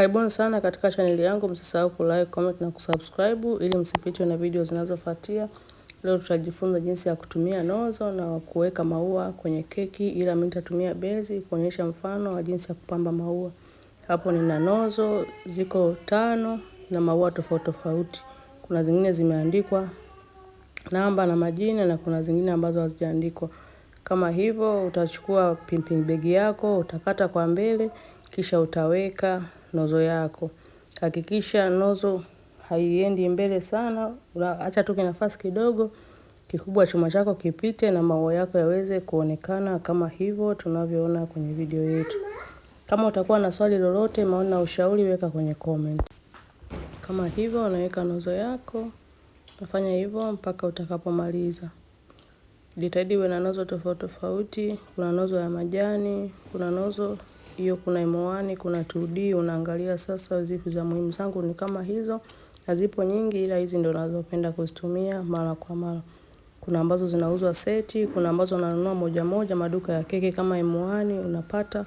Karibuni sana katika chaneli yangu, msisahau ku like, comment na kusubscribe ili msipitwe na video zinazofuatia. Leo tutajifunza jinsi ya kutumia nozo na kuweka maua kwenye keki, ila mimi nitatumia bezi kuonyesha mfano wa jinsi ya kupamba maua. Hapo nina nozo ziko tano na maua tofauti tofauti. Kuna zingine zimeandikwa namba na majina na kuna zingine ambazo hazijaandikwa. Kama hivyo utachukua pimping begi yako, utakata kwa mbele kisha utaweka nozo yako. Hakikisha nozo haiendi mbele sana, unaacha tu kinafasi kidogo, kikubwa chuma chako kipite na maua yako yaweze kuonekana kama hivyo tunavyoona kwenye video yetu. Kama utakuwa na swali lolote, maoni na ushauri, weka kwenye comment. Kama hivyo unaweka nozo yako, unafanya hivyo mpaka utakapomaliza. Jitahidi uwe na nozo tofauti tofauti, kuna nozo ya majani, kuna nozo hiyo, kuna M1, kuna 2D, unaangalia sasa zipi za muhimu. Zangu ni kama hizo, na zipo nyingi, ila hizi ndo nazopenda kuzitumia mara kwa mara. Kuna ambazo zinauzwa seti, kuna ambazo nanunua moja moja maduka ya keki kama M1 unapata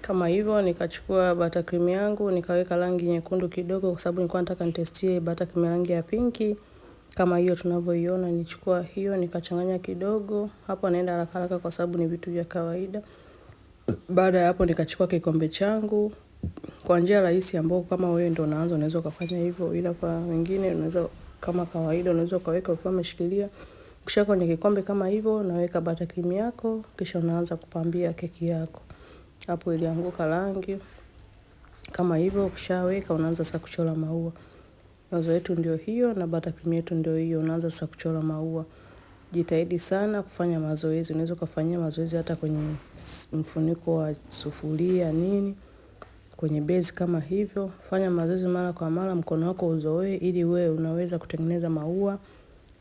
kama hivyo. Nikachukua bata cream yangu nikaweka rangi nyekundu kidogo, kwa sababu nilikuwa nataka nitestie bata cream rangi ya pinki kama hiyo tunavyoiona. Nichukua hiyo nikachanganya kidogo, hapo naenda haraka haraka kwa sababu ni vitu vya kawaida. Baada ya hapo nikachukua kikombe changu kwa njia rahisi ambao kama wewe ndio unaanza unaweza ukafanya hivyo, ila kwa wengine unaweza kama kawaida unaweza ukaweka ukiwa umeshikilia. Kisha kwenye kikombe kama hivyo unaweka bata cream yako, kisha unaanza kupambia keki yako. Hapo ilianguka rangi kama hivyo, ukishaweka unaanza sasa kuchora maua. Nazo yetu ndio hiyo na bata cream yetu ndio hiyo, unaanza sasa kuchora maua jitahidi sana kufanya mazoezi. Unaweza ukafanyia mazoezi hata kwenye mfuniko wa sufuria nini, kwenye base kama hivyo. Fanya mazoezi mara kwa mara mkono wako uzoee ili we unaweza kutengeneza maua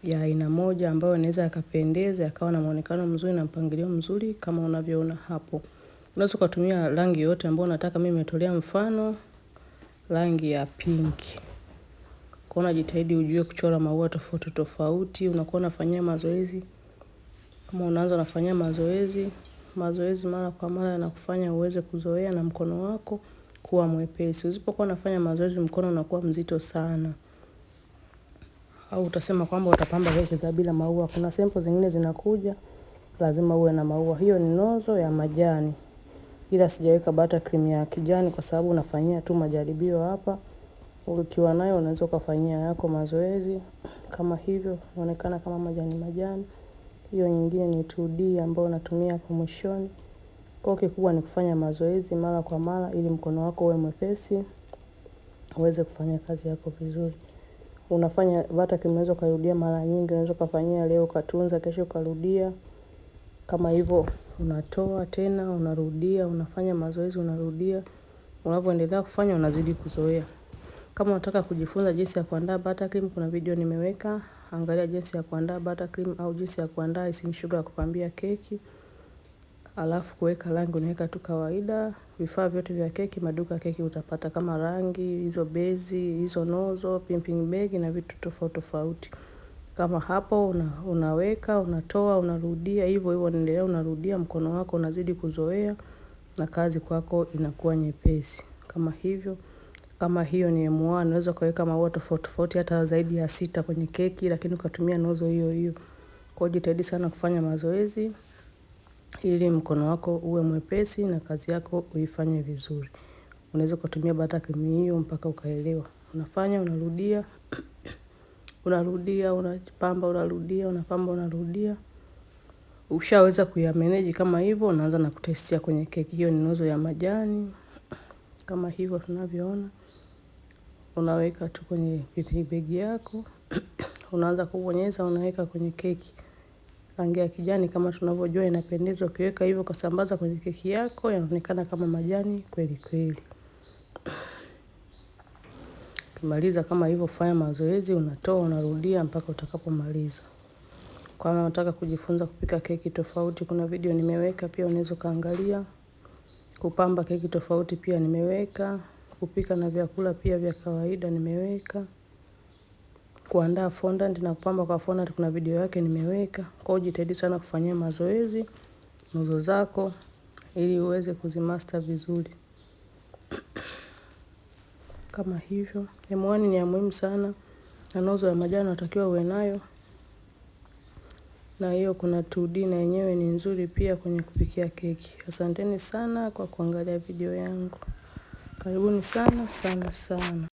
ya aina moja ambayo inaweza yakapendeza yakawa na muonekano mzuri na mpangilio mzuri kama unavyoona hapo. Unaweza ukatumia rangi yoyote ambayo unataka mimi nimetolea mfano rangi ya pinki. Kwa unajitahidi ujue kuchora maua tofauti tofauti, unakuwa unafanyia mazoezi. Kama unaanza unafanyia mazoezi, mazoezi mara kwa mara yanakufanya uweze kuzoea na mkono wako kuwa mwepesi. Usipokuwa unafanya mazoezi mkono unakuwa mzito sana. Au utasema kwamba utapamba begi za bila maua. Kuna sample zingine zinakuja, lazima uwe na maua. Hiyo ni nozo ya majani. Ila sijaweka bata cream ya kijani kwa sababu nafanyia tu majaribio hapa ukiwa nayo unaweza ukafanyia yako mazoezi kama hivyo inaonekana kama majani majani. Hiyo nyingine ni 2D ambayo unatumia kwa mwishoni. Kwa kikubwa ni kufanya mazoezi mara kwa mara ili mkono wako uwe mwepesi, uweze kufanya kazi yako vizuri. Unafanya vata kimeweza ukarudia mara nyingi, unaweza ukafanyia leo ukatunza, kesho ukarudia. Kama hivyo unatoa tena, unarudia, unafanya mazoezi, unarudia. Unavyoendelea kufanya unazidi kuzoea. Kama unataka kujifunza jinsi ya kuandaa butter cream, kuna video nimeweka, angalia jinsi ya kuandaa butter cream au jinsi ya kuandaa icing sugar ya kupambia keki. Alafu kuweka rangi unaweka tu kawaida, vifaa vyote vya keki, maduka keki utapata kama rangi, hizo bezi, hizo nozo, pimping bag na vitu tofauti tofauti. Kama hapo una, unaweka, unatoa, unarudia, hivyo hivyo unaendelea unarudia, mkono wako unazidi kuzoea na kazi kwako inakuwa nyepesi. Kama hivyo kama hiyo ni M1, unaweza ukaweka maua tofauti tofauti hata zaidi ya sita kwenye keki, lakini ukatumia nozo hiyo hiyo. Kwa hiyo jitahidi sana kufanya mazoezi ili mkono wako uwe mwepesi na kazi yako uifanye vizuri. Unaweza kutumia bata kimi hiyo mpaka ukaelewa. Unafanya, unarudia, unarudia, unapamba, unarudia, unapamba, unarudia. Ushaweza kuyameneji kama hivyo, unaanza na kutestia kwenye keki. Hiyo ni nozo ya majani kama hivyo tunavyoona unaweka tu kwenye begi yako unaanza kubonyeza, unaweka kwenye keki. Rangi ya kijani kama tunavyojua inapendeza, ukiweka hivyo ukasambaza kwenye keki yako yanaonekana kama majani kweli kweli. Ukimaliza kama hivyo, fanya mazoezi, unatoa unarudia mpaka utakapomaliza. Kama unataka kujifunza kupika keki tofauti, kuna video nimeweka pia, unaweza kaangalia. Kupamba keki tofauti pia nimeweka kupika na vyakula pia vya kawaida nimeweka. Kuandaa fondant na kupamba kwa fondant kuna video yake nimeweka. Kwa hiyo jitahidi sana kufanyia mazoezi nuzo zako ili uweze kuzimaster vizuri. Kama hivyo, M1 ni ya muhimu sana. Na nozzle ya majani unatakiwa uwe nayo. Na hiyo kuna 2D na yenyewe ni nzuri pia kwenye kupikia keki. Asanteni sana kwa kuangalia video yangu. Karibuni sana sana sana.